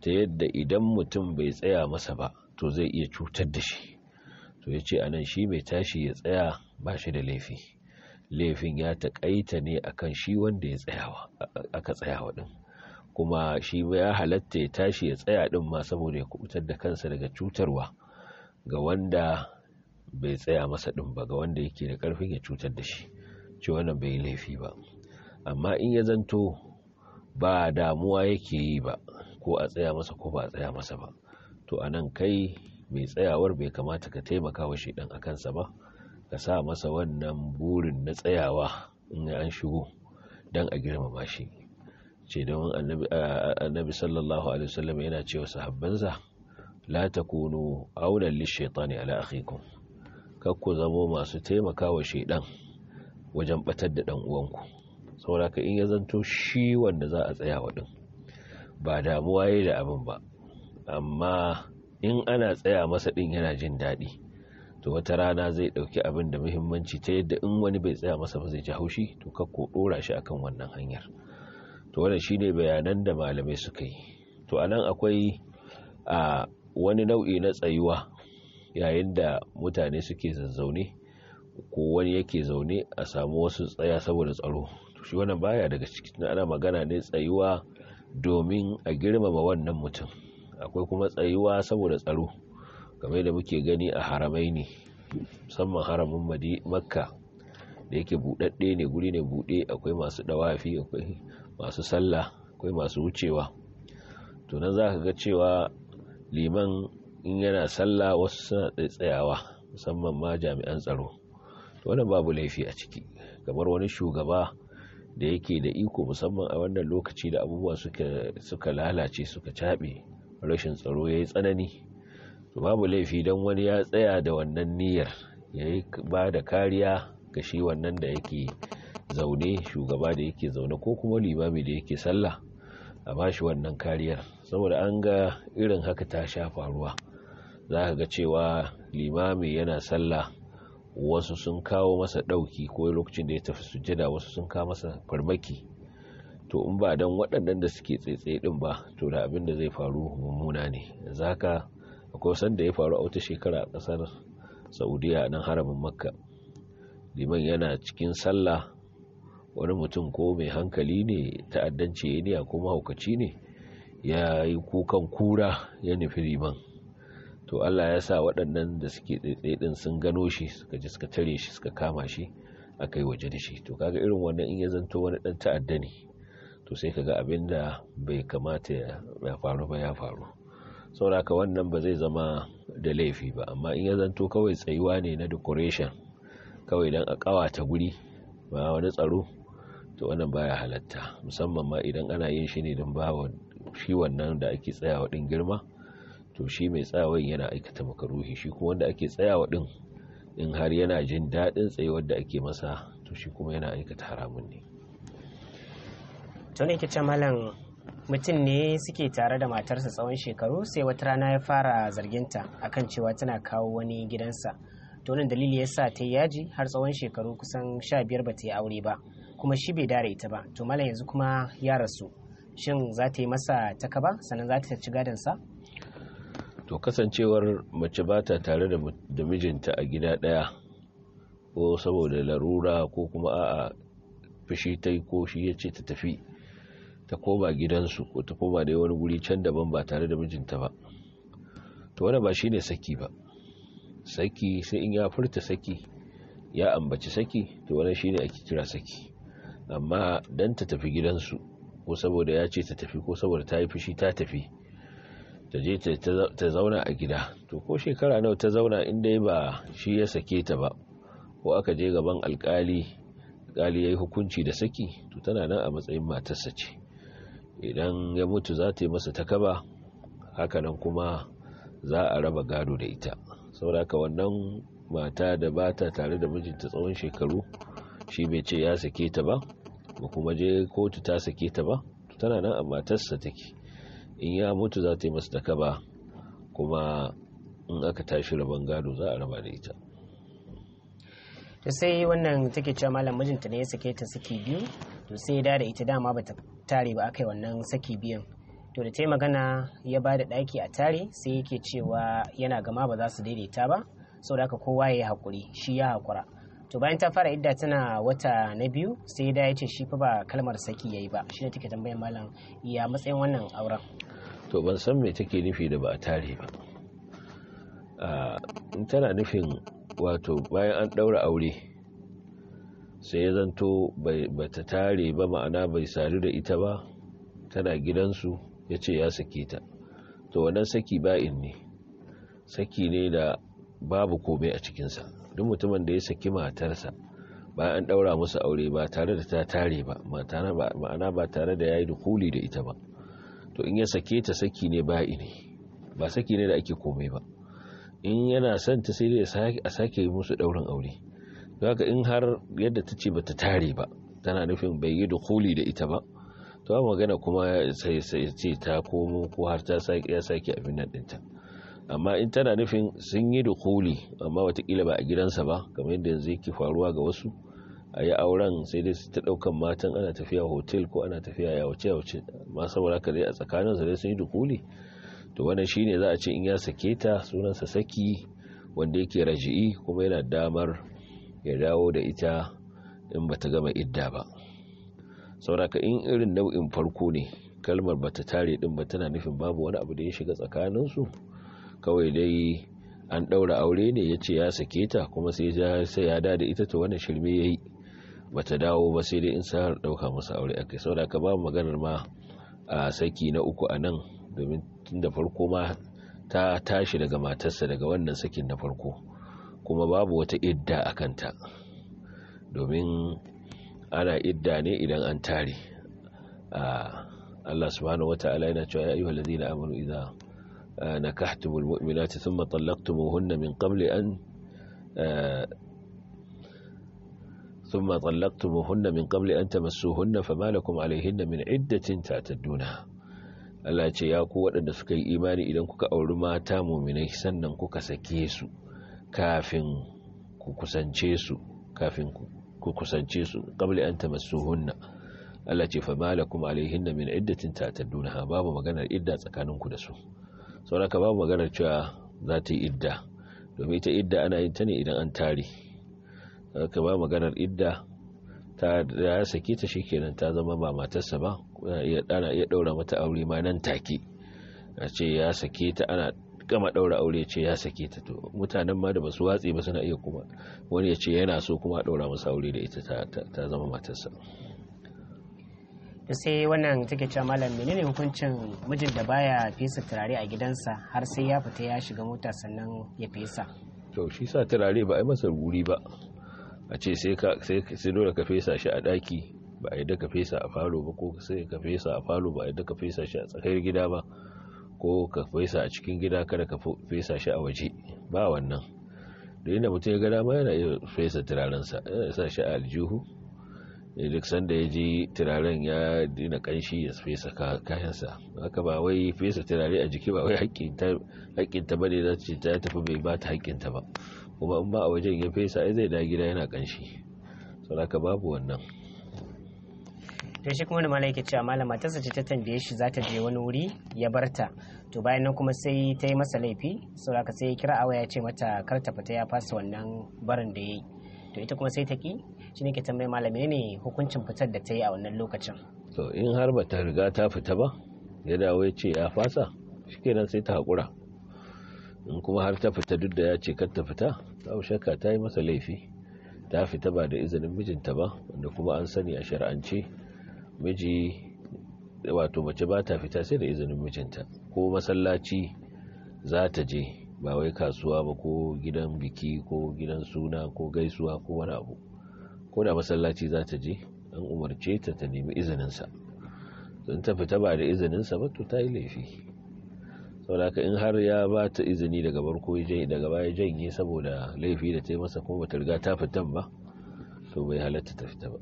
ta yadda idan mutum bai tsaya masa ba to zai iya cutar da shi to ya ce anan shi mai tashi ya tsaya ba shi da laifi laifin ya taƙaita ne akan shi wanda ya tsayawa aka tsayawa din kuma shi ya halatta ya tashi ya tsaya din ma saboda ya kubutar da kansa daga cutarwa ga wanda bai tsaya masa din ba ga wanda yake da karfin ya cutar da shi ce wannan bai laifi ba amma in ya zanto ba damuwa yake yi ba ko a tsaya masa ko ba a tsaya masa ba to a nan kai mai tsayawar bai kamata ka taimaka wa shaidan a kansa ba ka sa masa wannan burin na tsayawa in ya an shigo don a girmama shi ce don annabi sallallahu alaihi wasallam yana cewa sahabbansa la takunu aulan lishaitani ala akhikum kakku zamo masu taimaka taimakawa shaidan wajen batar da dan uwanku saboda ka in ya zanto shi wanda za a tsaya wa din ba damuwa yayi da abin ba amma in ana tsaya masa ɗin yana jin daɗi to wata rana zai ɗauki abin da muhimmanci ta yadda in wani bai tsaya masa ba zai ji haushi to kakko ɗora shi akan wannan hanyar to wannan shine bayanan da malamai suka yi to a nan akwai a wani nau'i na tsayuwa yayin da mutane suke zazzaune ko wani yake zaune a samu wasu tsaya saboda tsaro to shi wannan baya daga cikin ana magana ne tsayuwa domin a girmama wannan mutum akwai kuma tsayuwa saboda tsaro game da muke gani a haramai ne musamman haramin makka da yake buɗaɗɗe ne guri ne buɗe akwai masu ɗawafi akwai masu sallah akwai masu wucewa to nan za ka ga cewa liman in yana sallah wasu suna tsayawa musamman ma jami'an tsaro wannan babu laifi a ciki kamar wani shugaba da yake da iko musamman a wannan lokaci da abubuwa suka lalace suka caɓe rashin tsaro ya yi tsanani babu laifi don wani ya tsaya da wannan niyyar ya yi ba da kariya ga shi wannan da yake zaune shugaba da yake zaune ko kuma limami da yake sallah a ba shi wannan kariyar saboda an ga irin haka ta sha faruwa za ka ga cewa limami yana sallah wasu sun kawo masa ɗauki ko lokacin da ya tafi sujada wasu sun kawo masa farmaki to in ba don waɗannan da suke tsaitsaye ɗin ba to da abin da zai faru mummuna ne zaka akwai sanda ya faru a wata shekara a ƙasar saudiya nan haramin makka liman yana cikin sallah wani mutum ko mai hankali ne ta'addance ya niya ko mahaukaci ne ya yi kukan kura ya nufi liman to allah ya sa waɗannan da suke tsaitsaye ɗin sun gano shi suka ji suka tare shi suka kama shi aka yi waje da shi to kaga irin wannan in ya zanto wani ɗan ta'adda ne to sai ka ga abin da bai kamata ya faru ba ya faru sauraka wannan ba zai zama da laifi ba amma in ya zanto kawai tsayuwa ne na decoration kawai don a kawata guri ba wani tsaro to wannan baya halatta musamman ma idan ana yin shi ne don ba wa shi wannan da ake tsayawa din girma to shi mai tsayawa yana aikata makaruhi shi kuma wanda ake tsayawa din in har yana jin daɗin tsayuwar da ake masa to shi kuma yana aikata haramun ne to ne ke malam mutum ne suke tare da matarsa tsawon shekaru sai wata rana ya fara zarginta akan cewa tana kawo wani gidansa to nan dalili sa ta yi yaji har tsawon shekaru kusan sha biyar ba ta yi aure ba kuma shi bai dare ita ba to malam yanzu kuma ya rasu shin za ta yi masa takaba sannan za ta ci gadansa to kasancewar mace ba ta tare da mijinta a gida ɗaya ko saboda larura ko kuma a'a fushi ta yi ko shi ya ce ta tafi ta koma gidansu ko ta koma da wani guri can daban ba tare da mijinta ba to wannan ba shine saki ba saki sai in ya furta saki ya ambaci saki to wannan shine ake kira saki amma dan ta tafi gidansu ko saboda ya ce ta tafi ko saboda ta yi fushi ta tafi ta je ta zauna a gida to ko shekara nawa ta zauna in dai ba shi ya sake ta ba ko aka je gaban alkali alkali ya yi hukunci da saki to tana nan a matsayin matarsa ce idan ya mutu za ta yi masa takaba hakanan kuma za a raba gado da ita haka wannan mata da ba ta tare da mijinta tsawon shekaru shi bai ce ya sake ta ba ba kuma je kotu ta sake ta ba tana nan a matarsa take in ya mutu za ta yi masa takaba kuma in aka tashi rabon gado za a raba da ita sai wannan take cewa malam mijinta ne ya sake ta suke biyu to sai da ita dama ba ta tare ba aka yi wannan saki biyan to da ta yi magana ya ba da ɗaki a tare sai yake cewa yana gama ba za su daidaita ba da haka kowa ya yi haƙuri shi ya haƙura to bayan ta fara idda tana wata na biyu sai da ya ce shi fa ba kalmar saki ya yi ba shi ne take tambayan malam ya matsayin wannan auren to ban san me take nufi da ba a tare ba ah, in tana nufin wato bayan an ɗaura aure sai ya zanto ba ta tare ba ma'ana bai sadu da ita ba tana gidansu ya ce ya sake ta to wannan saki ba in ne saki ne da babu komai a cikinsa duk mutumin da ya saki matarsa bayan an ɗaura musu aure ba tare da ta tare ba ma'ana ba tare da ya yi dukuli da ita ba to in ya sake ta saki ne in ne ba saki ne da ake komai ba in yana son ta sai dai a sake musu daurin aure zaka in har yadda ta ce bata tare ba tana nufin bai yi da kuli da ita ba to a magana kuma sai sai ce ta komo ko har ta sake ya sake abin nan dinta amma in tana nufin sun yi da kuli amma watakila ba a gidansa ba kamar yadda yanzu yake faruwa ga wasu a yi auren sai dai su ta daukan matan ana tafiya hotel ko ana tafiya ya wuce amma saboda ka dai a tsakanin su dai sun yi da kuli to wannan shine za a ce in ya sake ta sunansa saki wanda yake raji'i kuma yana damar ya dawo da ita in bata gama idda ba sauraka in irin nau'in farko ne kalmar bata tare din ba tana nufin babu wani abu da ya shiga tsakaninsu kawai dai an ɗaura aure ne ya ce ya sake ta kuma sai ya da da ita ta wani shirme ya yi bata dawo ba sai dai in sa ɗauka masa aure akai sauraka ba maganar ma a saki na uku a nan domin tun da farko ma ta tashi daga matarsa daga wannan sakin na farko kuma babu wata idda a kanta domin ana idda ne idan an tare Allah subhanahu wata'ala yana cewa ya ayyuhal ladina amanu idza nakahtumul mu'minati thumma talaqtumuhunna min qabli an ثم طلقتموهن من قبل أن تمسوهن فما لكم عليهن من عدة تعتدونها Allah ce ya ku waɗanda suka yi imani idan kuka auri mata muminai sannan kuka sake su kafin ku kusance su kafin ku kusance su qabli an tamassuhunna Allah ce fa malakum alaihinna min iddatin ta'tadunaha babu maganar idda tsakaninku da su sauraka babu maganar cewa za ta yi idda domin ita idda ana yin ta ne idan an tare ka babu maganar idda ta da ya sake ta shikenan ta zama ba matarsa ba ana iya daura mata aure ma nan take a ce ya sake ta ana gama daura aure ce ya sake ta to mutanen ma da basu watse ba suna iya kuma wani ya ce yana so kuma daura masa aure da ita ta zama matarsa sai wannan take cewa malam menene hukuncin mijin da baya fesa turare a gidansa har sai ya fita ya shiga mota sannan ya fesa to shi sa turare ba a yi masa guri ba a ce sai ka sai dole ka fesa shi a daki ba a yi daka fesa a falo ba ko sai ka fesa a falo ba a yi daka fesa shi a tsakar gida ba ko ka fesa a cikin gida kada ka fesa shi a waje ba wannan da inda mutum ya gada ma yana iya fesa sa. yana sa shi a aljihu eh, duk sanda ya ji turaren ya dina kanshi ya fesa kayansa haka ba wai fesa turare a jiki ba wai haƙƙinta ba ne za ce ta tafi bai ba ta haƙƙinta ba kuma in ba a wajen ya fesa ai zai da gida yana kanshi saboda babu wannan to shi kuma da malam yake cewa malam matarsa ce ta tambaye shi za ta je wani wuri ya bar ta to bayan nan kuma sai ta yi masa laifi saboda sai ya kira awa ya ce mata kar ta fita ya fasa wannan barin da ya yi to ita kuma sai ta ki shi ne ke tambaye malam ne hukuncin fitar da ta yi a wannan lokacin to in har ba ta riga ta fita ba ya dawo ya ce ya fasa shikenan sai ta haƙura in kuma har ta fita duk da ya ce kar ta fita babu shakka ta yi masa laifi ta fita ba da izinin mijinta ba wanda kuma an sani a shari'ance. miji wato mace ba ta fita sai da izinin mijinta ko masallaci za ta je ba wai kasuwa ba ko gidan biki ko gidan suna ko gaisuwa ko wani abu ko da masallaci za ta je an umarce ta ta nemi izininsa don ta fita ba da izininsa ba to ta yi laifi saboda in har ya ba ta izini daga barko daga baya janye saboda laifi da ta yi masa kuma ba ta riga ta fitan ba to bai halatta ta fita ba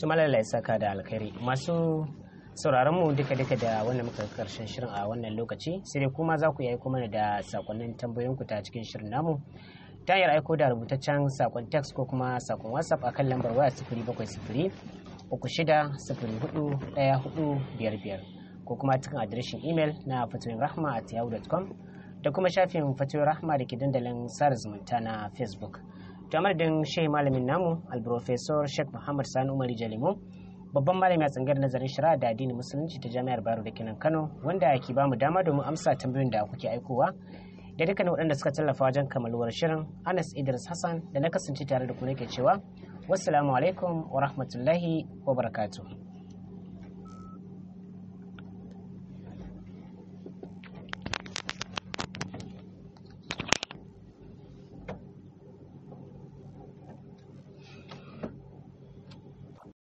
kuma saka da alkari masu sauraron mu duka duka da wannan muka karshen shirin a wannan lokaci sai dai kuma za ku yi mana da sakonnin tambayoyin ku ta cikin shirin namu ta hanyar aiko da rubutaccen sakon text ko kuma sakon whatsapp akan lambar waya sifiri bakwai sifiri uku shida sifiri hudu ɗaya hudu biyar biyar ko kuma cikin adireshin imel na fatoyin rahma at yahoo.com da kuma shafin fatoyin rahma da ke dandalin sada zumunta na facebook ta madadin shehi malamin namu alprofesor sheikh muhammad sani umar jalimo babban malami a tsangar nazarin shari'a da addinin musulunci ta jami'ar baro da kinan kano wanda ke bamu dama domin amsa tambayoyin da kuke aikowa da dukkanin waɗanda suka tallafa wajen kamaluwar shirin anas idris hassan da na kasance tare da ku ke cewa wassalamu alaikum wa rahmatullahi wa barakatuh